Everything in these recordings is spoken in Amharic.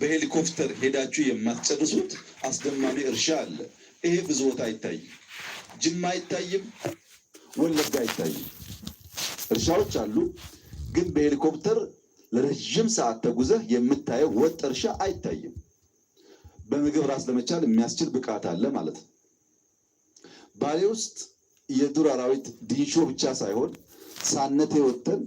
በሄሊኮፕተር ሄዳችሁ የማትጨርሱት አስደማሚ እርሻ አለ። ይሄ ብዙ ቦታ አይታይም። ጅማ አይታይም፣ ወለጋ አይታይም። እርሻዎች አሉ፣ ግን በሄሊኮፕተር ለረዥም ሰዓት ተጉዘህ የምታየው ወጥ እርሻ አይታይም። በምግብ ራስ ለመቻል የሚያስችል ብቃት አለ ማለት ነው። ባሌ ውስጥ የዱር አራዊት ዲንሾ ብቻ ሳይሆን ሳነቴ ወጥተን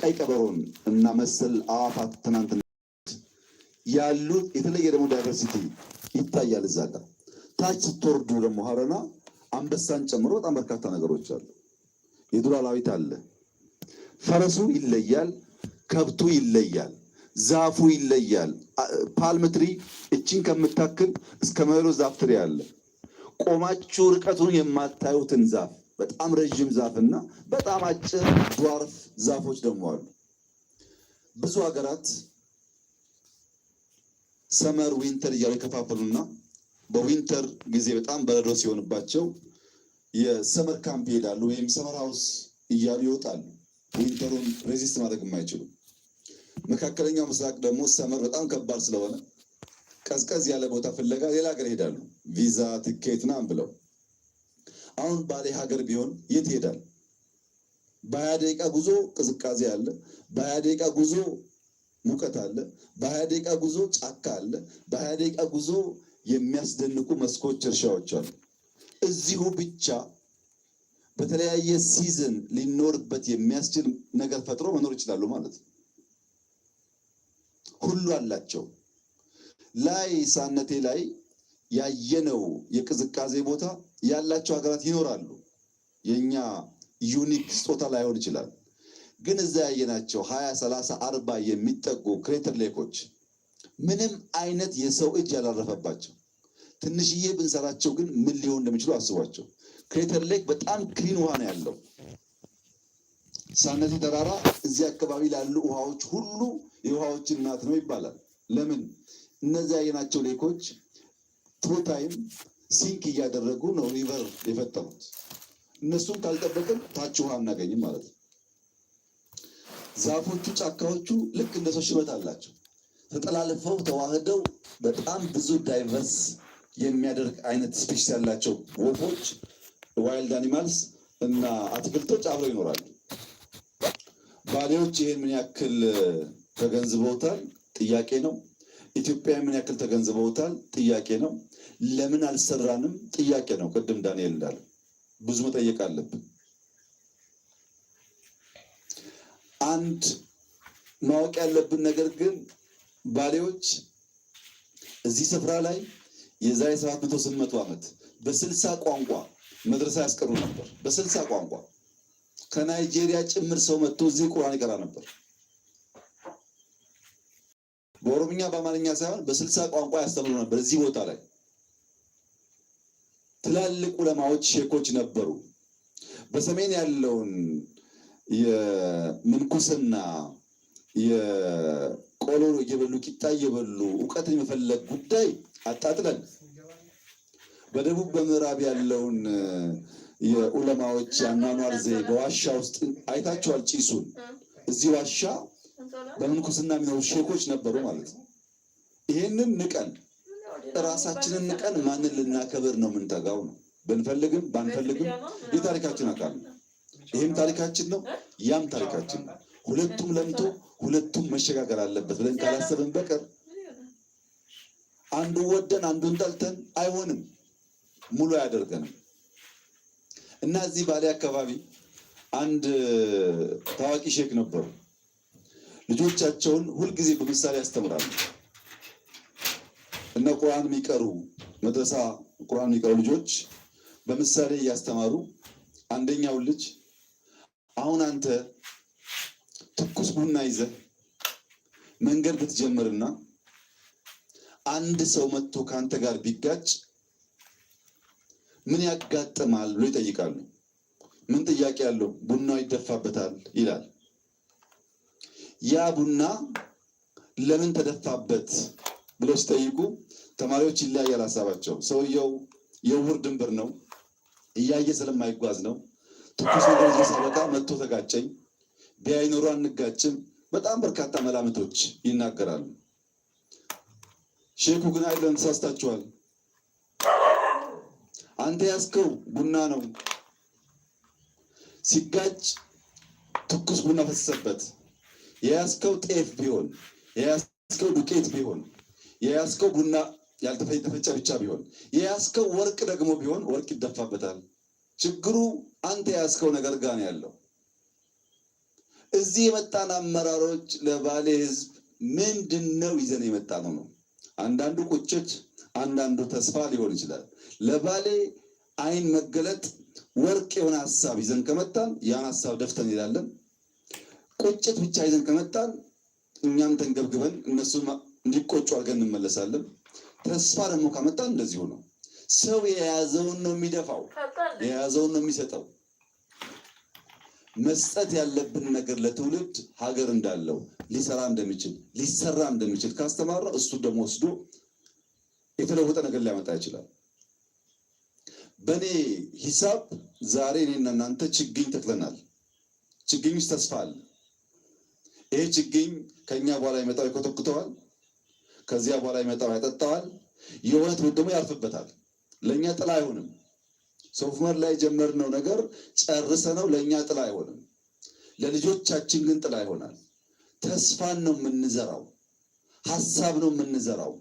ቀይ ቀበሮን እና መሰል አዋፋት ትናንት ያሉ የተለየ ደግሞ ዳይቨርሲቲ ይታያል። እዛ ጋር ታች ስትወርዱ ደግሞ ሀረና አንበሳን ጨምሮ በጣም በርካታ ነገሮች አሉ። የዱር አላዊት አለ። ፈረሱ ይለያል፣ ከብቱ ይለያል፣ ዛፉ ይለያል። ፓልምትሪ እቺን ከምታክል እስከ መሎ ዛፍ ትሪ አለ። ቆማችሁ ርቀቱን የማታዩትን ዛፍ በጣም ረዥም ዛፍ እና በጣም አጭር ዷርፍ ዛፎች ደግሞ አሉ ብዙ ሀገራት ሰመር ዊንተር እያሉ ይከፋፈሉና በዊንተር ጊዜ በጣም በረዶ ሲሆንባቸው የሰመር ካምፕ ይሄዳሉ ወይም ሰመር ሃውስ እያሉ ይወጣሉ። ዊንተሩን ሬዚስት ማድረግ የማይችሉ መካከለኛው ምስራቅ ደግሞ ሰመር በጣም ከባድ ስለሆነ ቀዝቀዝ ያለ ቦታ ፍለጋ ሌላ ሀገር ይሄዳሉ። ቪዛ ትኬት ናም ብለው አሁን ባሌ ሀገር ቢሆን የት ይሄዳል? በሀያ ደቂቃ ጉዞ ቅዝቃዜ አለ። በሀያ ደቂቃ ጉዞ ሙቀት አለ። በሀያ ደቂቃ ጉዞ ጫካ አለ። በሀያ ደቂቃ ጉዞ የሚያስደንቁ መስኮች፣ እርሻዎች አሉ። እዚሁ ብቻ በተለያየ ሲዝን ሊኖርበት የሚያስችል ነገር ፈጥሮ መኖር ይችላሉ ማለት ነው። ሁሉ አላቸው። ላይ ሳነቴ ላይ ያየነው የቅዝቃዜ ቦታ ያላቸው ሀገራት ይኖራሉ። የኛ ዩኒክ ስጦታ ላይሆን ይችላል። ግን እዛ ያየናቸው ሀያ ሰላሳ አርባ የሚጠጉ ክሬተር ሌኮች ምንም አይነት የሰው እጅ ያላረፈባቸው ትንሽዬ ብንሰራቸው ግን ምን ሊሆን እንደሚችሉ አስቧቸው። ክሬተር ሌክ በጣም ክሊን ውሃ ነው ያለው። ሳነቲ ተራራ እዚህ አካባቢ ላሉ ውሃዎች ሁሉ የውሃዎች እናት ነው ይባላል። ለምን? እነዚያ ያየናቸው ሌኮች ትሩ ታይም ሲንክ እያደረጉ ነው ሪቨር የፈጠሩት። እነሱም ካልጠበቅን ታች ውሃ አናገኝም ማለት ነው። ዛፎቹ ጫካዎቹ ልክ እንደ ሰው ሽበት አላቸው። ተጠላልፈው ተዋህደው በጣም ብዙ ዳይቨርስ የሚያደርግ አይነት ስፔሽስ ያላቸው ወፎች፣ ዋይልድ አኒማልስ እና አትክልቶች አብረው ይኖራሉ። ባሌዎች ይህን ምን ያክል ተገንዝበውታል? ጥያቄ ነው። ኢትዮጵያ ምን ያክል ተገንዝበውታል? ጥያቄ ነው። ለምን አልሰራንም? ጥያቄ ነው። ቅድም ዳንኤል እንዳለ ብዙ መጠየቅ አለብን። አንድ ማወቅ ያለብን ነገር ግን ባሌዎች እዚህ ስፍራ ላይ የዛሬ ሰባት መቶ ስምንት መቶ ዓመት በስልሳ ቋንቋ መድረሳ ያስቀሩ ነበር። በስልሳ ቋንቋ ከናይጄሪያ ጭምር ሰው መጥቶ እዚህ ቁርአን ይቀራ ነበር። በኦሮምኛ በአማርኛ ሳይሆን በስልሳ ቋንቋ ያስተምሩ ነበር። እዚህ ቦታ ላይ ትላልቅ ዑለማዎች ሼኮች ነበሩ። በሰሜን ያለውን የምንኩስና የቆሎ እየበሉ ቂጣ እየበሉ እውቀትን የመፈለግ ጉዳይ አታጥለን። በደቡብ በምዕራብ ያለውን የዑለማዎች የአኗኗር ዘይ በዋሻ ውስጥ አይታችኋል። ጭሱን እዚህ ዋሻ በምንኩስና የሚኖሩ ሼኮች ነበሩ ማለት ነው። ይሄንን ንቀን እራሳችንን ንቀን ማንን ልናከብር ነው? ምንተጋው ነው። ብንፈልግም ባንፈልግም የታሪካችን አካል ነው። ይህም ታሪካችን ነው፣ ያም ታሪካችን ነው። ሁለቱም ለምቶ ሁለቱም መሸጋገር አለበት ብለን ካላሰብን በቀር አንዱ ወደን አንዱን ጠልተን አይሆንም፣ ሙሉ አያደርገንም። እና እዚህ ባሌ አካባቢ አንድ ታዋቂ ሼክ ነበሩ። ልጆቻቸውን ሁልጊዜ በምሳሌ ያስተምራሉ። እነ ቁርአን የሚቀሩ መድረሳ ቁርአን የሚቀሩ ልጆች በምሳሌ እያስተማሩ አንደኛውን ልጅ አሁን አንተ ትኩስ ቡና ይዘ መንገድ ብትጀምርና አንድ ሰው መጥቶ ከአንተ ጋር ቢጋጭ ምን ያጋጥማል ብሎ ይጠይቃሉ። ምን ጥያቄ አለው? ቡናው ይደፋበታል ይላል። ያ ቡና ለምን ተደፋበት ብለው ሲጠይቁ ተማሪዎች ይለያያል ሀሳባቸው። ሰውየው የውር ድንብር ነው፣ እያየ ስለማይጓዝ ነው ትኩስ ነገር ሳበቃ መጥቶ ተጋጨኝ፣ ቢያይ ኖሮ አንጋጭም። በጣም በርካታ መላምቶች ይናገራሉ። ሼኩ ግን አይደለም፣ ተሳስታችኋል። አንተ ያስከው ቡና ነው። ሲጋጭ ትኩስ ቡና ፈሰሰበት። የያዝከው ጤፍ ቢሆን፣ የያዝከው ዱቄት ቢሆን፣ የያዝከው ቡና ያልተፈጨ ብቻ ቢሆን፣ የያዝከው ወርቅ ደግሞ ቢሆን ወርቅ ይደፋበታል። ችግሩ አንተ የያዝከው ነገር ጋር ነው ያለው። እዚህ የመጣን አመራሮች ለባሌ ህዝብ ምንድን ነው ይዘን የመጣ ነው ነው። አንዳንዱ ቁጭት፣ አንዳንዱ ተስፋ ሊሆን ይችላል። ለባሌ አይን መገለጥ ወርቅ የሆነ ሀሳብ ይዘን ከመጣን ያን ሀሳብ ደፍተን ይላለን። ቁጭት ብቻ ይዘን ከመጣን እኛም ተንገብግበን እነሱ እንዲቆጩ አድርገን እንመለሳለን። ተስፋ ደግሞ ካመጣን እንደዚሁ ነው። ሰው የያዘውን ነው የሚደፋው። የያዘውን ነው የሚሰጠው። መስጠት ያለብን ነገር ለትውልድ ሀገር እንዳለው ሊሰራ እንደሚችል ሊሰራ እንደሚችል ካስተማረ እሱ ደግሞ ወስዶ የተለወጠ ነገር ሊያመጣ ይችላል። በእኔ ሂሳብ ዛሬ እኔና እናንተ ችግኝ ተክለናል። ችግኝ ውስጥ ተስፋ አለ። ይሄ ችግኝ ከኛ በኋላ ይመጣው ይኮተኩተዋል፣ ከዚያ በኋላ ይመጣው ያጠጣዋል። የሆነ ትውልድ ደግሞ ያርፍበታል። ለእኛ ጥላ አይሆንም። ሶፍመር ላይ የጀመርነው ነገር ጨርሰ ነው ለእኛ ጥላ አይሆንም፣ ለልጆቻችን ግን ጥላ ይሆናል። ተስፋን ነው የምንዘራው፣ ሀሳብ ነው የምንዘራው።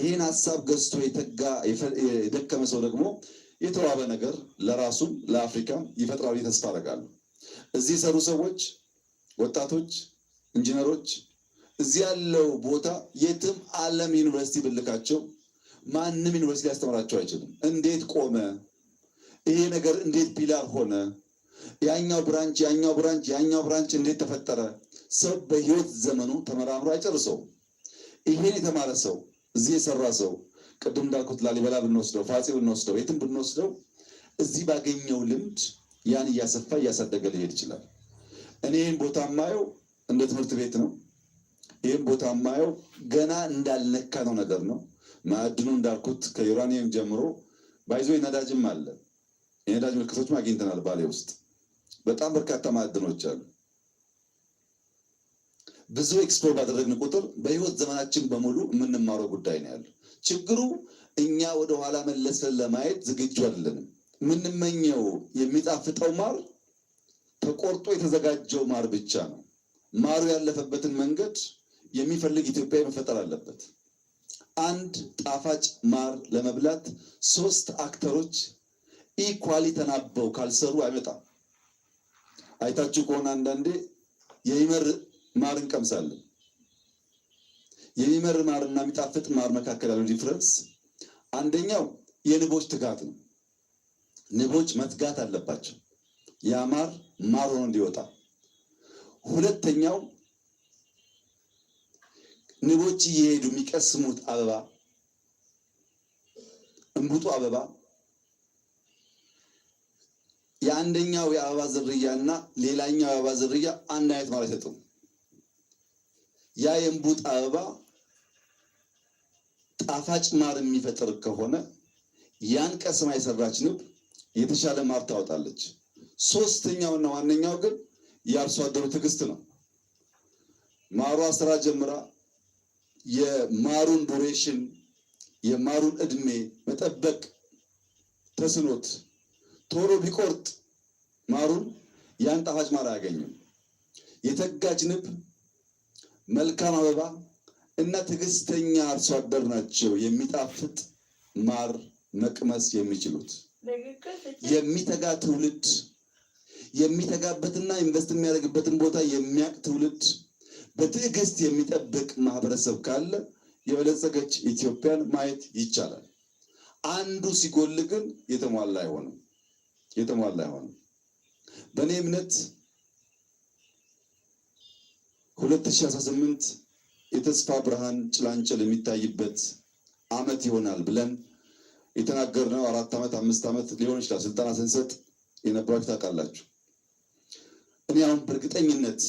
ይህን ሀሳብ ገዝቶ የተጋ የደከመ ሰው ደግሞ የተዋበ ነገር ለራሱም ለአፍሪካም ይፈጥራዊ ተስፋ አደርጋለሁ። እዚህ የሰሩ ሰዎች፣ ወጣቶች፣ ኢንጂነሮች እዚህ ያለው ቦታ የትም ዓለም ዩኒቨርሲቲ ብልካቸው ማንም ዩኒቨርሲቲ ሊያስተምራቸው አይችልም። እንዴት ቆመ ይሄ ነገር እንዴት ፒላር ሆነ? ያኛው ብራንች ያኛው ብራንች ያኛው ብራንች እንዴት ተፈጠረ? ሰው በህይወት ዘመኑ ተመራምሮ አይጨርሰው። ይሄን የተማረ ሰው እዚህ የሰራ ሰው ቅድም እንዳልኩት ላሊበላ ብንወስደው፣ ፋፄ ብንወስደው፣ የትም ብንወስደው እዚህ ባገኘው ልምድ ያን እያሰፋ እያሳደገ ሊሄድ ይችላል። እኔ ይህን ቦታ ማየው እንደ ትምህርት ቤት ነው። ይህን ቦታ ማየው ገና እንዳልነካ ነው ነገር ነው። ማዕድኑ እንዳልኩት ከዩራኒየም ጀምሮ ባይዞ ነዳጅም አለ የነዳጅ ምልክቶች አግኝተናል። ባሌ ውስጥ በጣም በርካታ ማዕድኖች አሉ። ብዙ ኤክስፕሎር ባደረግን ቁጥር በህይወት ዘመናችን በሙሉ የምንማረው ጉዳይ ነው ያለው። ችግሩ እኛ ወደኋላ መለሰን ለማየት ዝግጁ አይደለንም። የምንመኘው የሚጣፍጠው ማር ተቆርጦ የተዘጋጀው ማር ብቻ ነው። ማሩ ያለፈበትን መንገድ የሚፈልግ ኢትዮጵያ መፈጠር አለበት። አንድ ጣፋጭ ማር ለመብላት ሶስት አክተሮች ኢኳሊ ተናበው ካልሰሩ አይመጣም። አይታችሁ ከሆነ አንዳንዴ የሚመር ማር እንቀምሳለን። የሚመር ማርና የሚጣፍጥ ማር መካከል ያለው ዲፍረንስ አንደኛው የንቦች ትጋት ነው። ንቦች መትጋት አለባቸው ያ ማር ማር ሆኖ እንዲወጣ። ሁለተኛው ንቦች እየሄዱ የሚቀስሙት አበባ እንቡጡ አበባ የአንደኛው የአበባ ዝርያ እና ሌላኛው የአበባ ዝርያ አንድ አይነት ማለት አይሰጡም። ያ የእምቡጥ አበባ ጣፋጭ ማር የሚፈጥር ከሆነ ያን ቀስማ የሰራች ንብ የተሻለ ማር ታወጣለች። ሶስተኛውና ዋነኛው ግን የአርሶ አደሩ ትዕግስት ነው። ማሯ ስራ ጀምራ የማሩን ዱሬሽን የማሩን እድሜ መጠበቅ ተስኖት ቶሎ ቢቆርጥ ማሩን ያን ጣፋጭ ማር አያገኝም። የተጋች ንብ፣ መልካም አበባ እና ትዕግስተኛ አርሶ አደር ናቸው የሚጣፍጥ ማር መቅመስ የሚችሉት። የሚተጋ ትውልድ፣ የሚተጋበትና ኢንቨስት የሚያደርግበትን ቦታ የሚያቅ ትውልድ፣ በትዕግስት የሚጠብቅ ማህበረሰብ ካለ የበለጸገች ኢትዮጵያን ማየት ይቻላል። አንዱ ሲጎል ግን የተሟላ አይሆንም። የተሟላ አይሆንም። በእኔ እምነት 2018 የተስፋ ብርሃን ጭላንጭል የሚታይበት አመት ይሆናል ብለን የተናገርነው አራት ዓመት አምስት ዓመት ሊሆን ይችላል ስልጠና ስንሰጥ የነበራችሁ ታውቃላችሁ። እኔ አሁን በእርግጠኝነት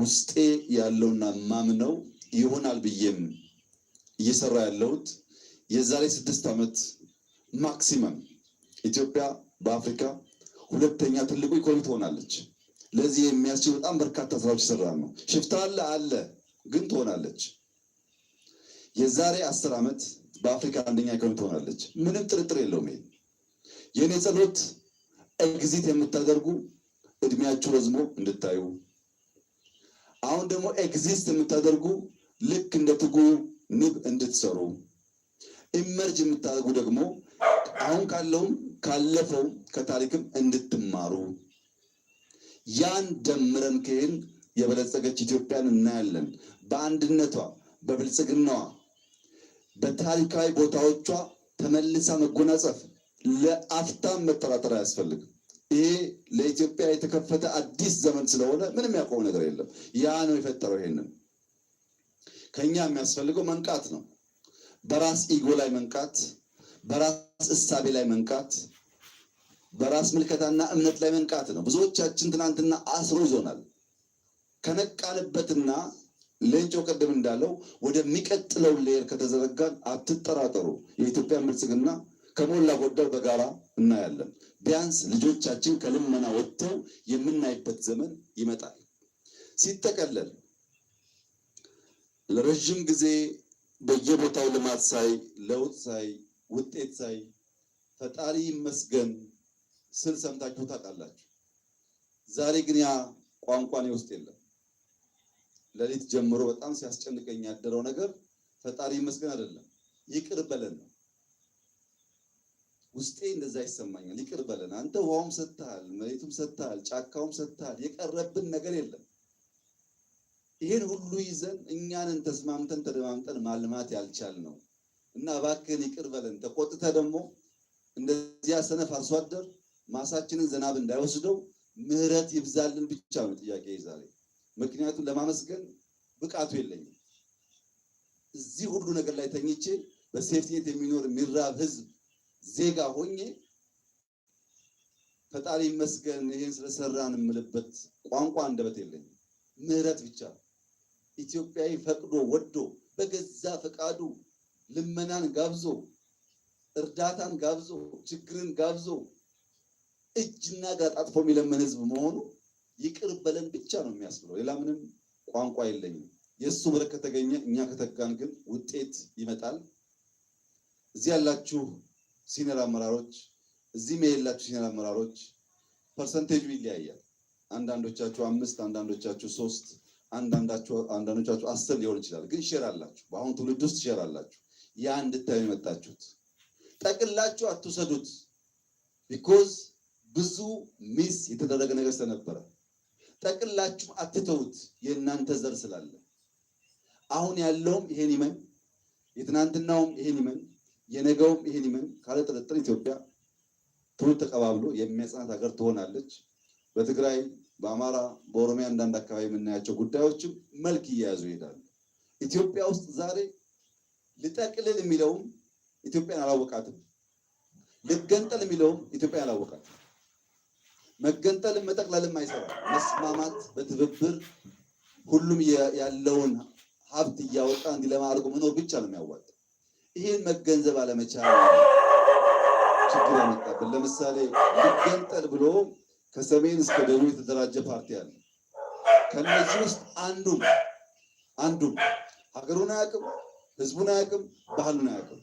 ውስጤ ያለውና ማምነው ይሆናል ብዬም እየሰራ ያለሁት የዛሬ ስድስት ዓመት ማክሲመም ኢትዮጵያ በአፍሪካ ሁለተኛ ትልቁ ኢኮኖሚ ትሆናለች። ለዚህ የሚያስችል በጣም በርካታ ስራዎች ይሰራል ነው። ሽፍታ አለ አለ፣ ግን ትሆናለች። የዛሬ አስር ዓመት በአፍሪካ አንደኛ ኢኮኖሚ ትሆናለች። ምንም ጥርጥር የለውም። ይሄ የእኔ ጸሎት ኤግዚት የምታደርጉ እድሜያችሁ ረዝሞ እንድታዩ አሁን ደግሞ ኤግዚስት የምታደርጉ ልክ እንደ ትጉ ንብ እንድትሰሩ ኢመርጅ የምታደርጉ ደግሞ አሁን ካለውም ካለፈውም ከታሪክም እንድትማሩ ያን ደምረን ከሄን የበለጸገች ኢትዮጵያን እናያለን። በአንድነቷ፣ በብልጽግናዋ፣ በታሪካዊ ቦታዎቿ ተመልሳ መጎናጸፍ ለአፍታም መጠራጠር አያስፈልግም። ይሄ ለኢትዮጵያ የተከፈተ አዲስ ዘመን ስለሆነ ምንም ያቆመ ነገር የለም። ያ ነው የፈጠረው። ይሄንን ከኛ የሚያስፈልገው መንቃት ነው። በራስ ኢጎ ላይ መንቃት በራስ እሳቤ ላይ መንቃት፣ በራስ ምልከታና እምነት ላይ መንቃት ነው። ብዙዎቻችን ትናንትና አስሮ ይዞናል። ከነቃንበትና ሌንጮ ቅድም እንዳለው ወደሚቀጥለው ሌየር ከተዘረጋን አትጠራጠሩ፣ የኢትዮጵያን ብልጽግና ከሞላ ጎደል በጋራ እናያለን። ቢያንስ ልጆቻችን ከልመና ወጥተው የምናይበት ዘመን ይመጣል። ሲጠቀለል ለረዥም ጊዜ በየቦታው ልማት ሳይ ለውጥ ሳይ ውጤት ሳይ ፈጣሪ ይመስገን ስል ሰምታችሁ ታውቃላችሁ። ዛሬ ግን ያ ቋንቋ እኔ ውስጥ የለም። ሌሊት ጀምሮ በጣም ሲያስጨንቀኝ ያደረው ነገር ፈጣሪ ይመስገን አይደለም፣ ይቅር በለን ነው። ውስጤ እንደዛ ይሰማኛል። ይቅር በለን አንተ፣ ውሃውም ሰጥተሃል፣ መሬቱም ሰጥተሃል፣ ጫካውም ሰጥተሃል። የቀረብን ነገር የለም። ይህን ሁሉ ይዘን እኛንን ተስማምተን ተደማምጠን ማልማት ያልቻል ነው እና እባክህን ይቅር በለን። ተቆጥተ ደግሞ እንደዚያ ሰነፍ አርሶ አደር ማሳችንን ዝናብ እንዳይወስደው ምህረት ይብዛልን ብቻ ነው ጥያቄ ዛሬ። ምክንያቱም ለማመስገን ብቃቱ የለኝም። እዚህ ሁሉ ነገር ላይ ተኝቼ በሴፍቲኔት የሚኖር የሚራብ ህዝብ ዜጋ ሆኜ ፈጣሪ ይመስገን ይህን ስለሰራን የምልበት ቋንቋ አንደበት የለኝም። ምህረት ብቻ ኢትዮጵያዊ ፈቅዶ ወዶ በገዛ ፈቃዱ ልመናን ጋብዞ እርዳታን ጋብዞ ችግርን ጋብዞ እጅና ጋር ጣጥፎ የሚለመን ህዝብ መሆኑ ይቅር በለን ብቻ ነው የሚያስብለው። ሌላ ምንም ቋንቋ የለኝም። የእሱ ብረት ከተገኘ እኛ ከተጋን ግን ውጤት ይመጣል። እዚህ ያላችሁ ሲኒየር አመራሮች፣ እዚህም የሌላችሁ የላችሁ ሲኒየር አመራሮች ፐርሰንቴጁ ይለያያል። አንዳንዶቻችሁ አምስት አንዳንዶቻችሁ ሶስት አንዳንዶቻችሁ አስር ሊሆን ይችላል። ግን ሼር አላችሁ፣ በአሁኑ ትውልድ ውስጥ ሼር አላችሁ። ያ እንድታዩ የመጣችሁት ጠቅላችሁ አትውሰዱት። ቢኮዝ ብዙ ሚስ የተደረገ ነገር ስለነበረ ጠቅላችሁ አትተውት። የእናንተ ዘር ስላለ አሁን ያለውም ይሄን ይመን፣ የትናንትናውም ይሄን ይመን፣ የነገውም ይሄን ይመን። ካለ ጥርጥር ኢትዮጵያ ትውልድ ተቀባብሎ የሚያጽናት ሀገር ትሆናለች። በትግራይ በአማራ በኦሮሚያ አንዳንድ አካባቢ የምናያቸው ጉዳዮችም መልክ እየያዙ ይሄዳሉ። ኢትዮጵያ ውስጥ ዛሬ ልጠቅልል የሚለውም ኢትዮጵያን አላወቃትም። ልገንጠል የሚለውም ኢትዮጵያን አላወቃትም። መገንጠልም መጠቅለልም አይሰራ። መስማማት በትብብር ሁሉም ያለውን ሀብት እያወጣ እንዲለማ አድርጎ መኖር ብቻ ነው የሚያዋጣ። ይህን መገንዘብ አለመቻል ችግር ያመጣብን። ለምሳሌ ልገንጠል ብሎ ከሰሜን እስከ ደቡብ የተደራጀ ፓርቲ አለ። ከነዚህ ውስጥ አንዱም አንዱም ሀገሩን አያውቅም ህዝቡን አያውቅም፣ ባህሉን አያውቅም።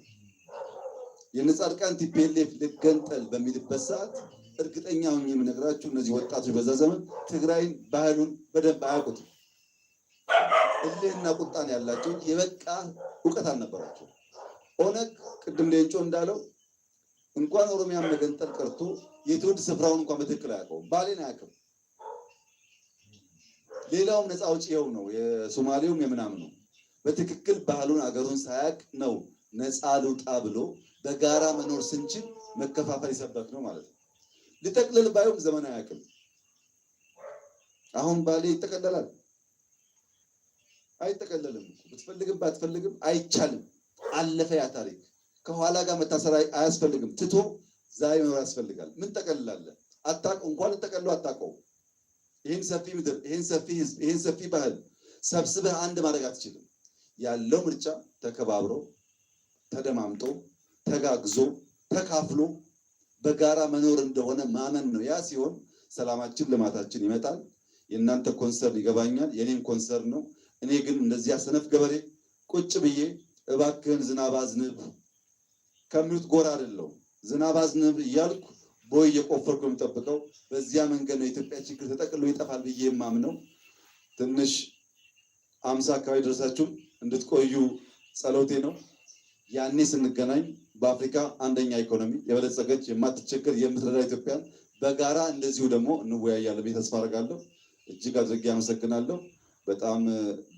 የነጻድቃን ቲፒኤልኤፍ ልገንጠል በሚልበት ሰዓት እርግጠኛ ሆኜ የምነግራችሁ እነዚህ ወጣቶች በዛ ዘመን ትግራይን ባህሉን በደንብ አያውቁትም። እልህና ቁጣን ያላቸው የበቃ እውቀት አልነበራቸው። ኦነግ ቅድም ደንጮ እንዳለው እንኳን ኦሮሚያን መገንጠል ቀርቶ የትውልድ ስፍራውን እንኳን በትክክል አያውቀውም። ባሌን አያውቅም። ሌላውም ነፃ አውጪ ይኸው ነው፣ የሶማሌውም የምናምን ነው። በትክክል ባህሉን አገሩን ሳያቅ ነው ነፃ ልውጣ ብሎ በጋራ መኖር ስንችል መከፋፈል የሰበክ ነው ማለት ነው። ሊጠቅልል ባይሆን ዘመን አያውቅም። አሁን ባሌ ይጠቀለላል አይጠቀለልም። ብትፈልግም ባትፈልግም አይቻልም። አለፈ ያ ታሪክ። ከኋላ ጋር መታሰር አያስፈልግም። ትቶ ዛሬ መኖር ያስፈልጋል። ምን ጠቀልላለ? አታቀ እንኳን ልጠቀልሎ አታቀው። ይህን ሰፊ ምድር፣ ይህን ሰፊ ህዝብ፣ ይህን ሰፊ ባህል ሰብስበህ አንድ ማድረግ አትችልም። ያለው ምርጫ ተከባብሮ ተደማምጦ ተጋግዞ ተካፍሎ በጋራ መኖር እንደሆነ ማመን ነው። ያ ሲሆን ሰላማችን፣ ልማታችን ይመጣል። የእናንተ ኮንሰርን ይገባኛል፣ የኔም ኮንሰርን ነው። እኔ ግን እንደዚያ ሰነፍ ገበሬ ቁጭ ብዬ እባክህን ዝናብ አዝንብ ከሚሉት ጎራ አይደለው ዝናብ አዝንብ እያልኩ ቦይ እየቆፈርኩ የምጠብቀው በዚያ መንገድ ነው። የኢትዮጵያ ችግር ተጠቅሎ ይጠፋል ብዬ የማምነው ትንሽ አምሳ አካባቢ ደረሳችሁም እንድትቆዩ ጸሎቴ ነው። ያኔ ስንገናኝ በአፍሪካ አንደኛ ኢኮኖሚ የበለጸገች የማትቸገር የምትረዳ ኢትዮጵያን በጋራ እንደዚሁ ደግሞ እንወያያለን ብዬ ተስፋ አደርጋለሁ። እጅግ አድርጌ አመሰግናለሁ። በጣም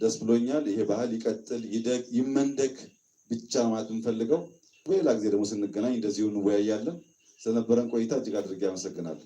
ደስ ብሎኛል። ይሄ ባህል ይቀጥል፣ ይደግ፣ ይመንደግ ብቻ ማለት የምፈልገው። በሌላ ጊዜ ደግሞ ስንገናኝ እንደዚሁ እንወያያለን። ስለነበረን ቆይታ እጅግ አድርጌ አመሰግናለሁ።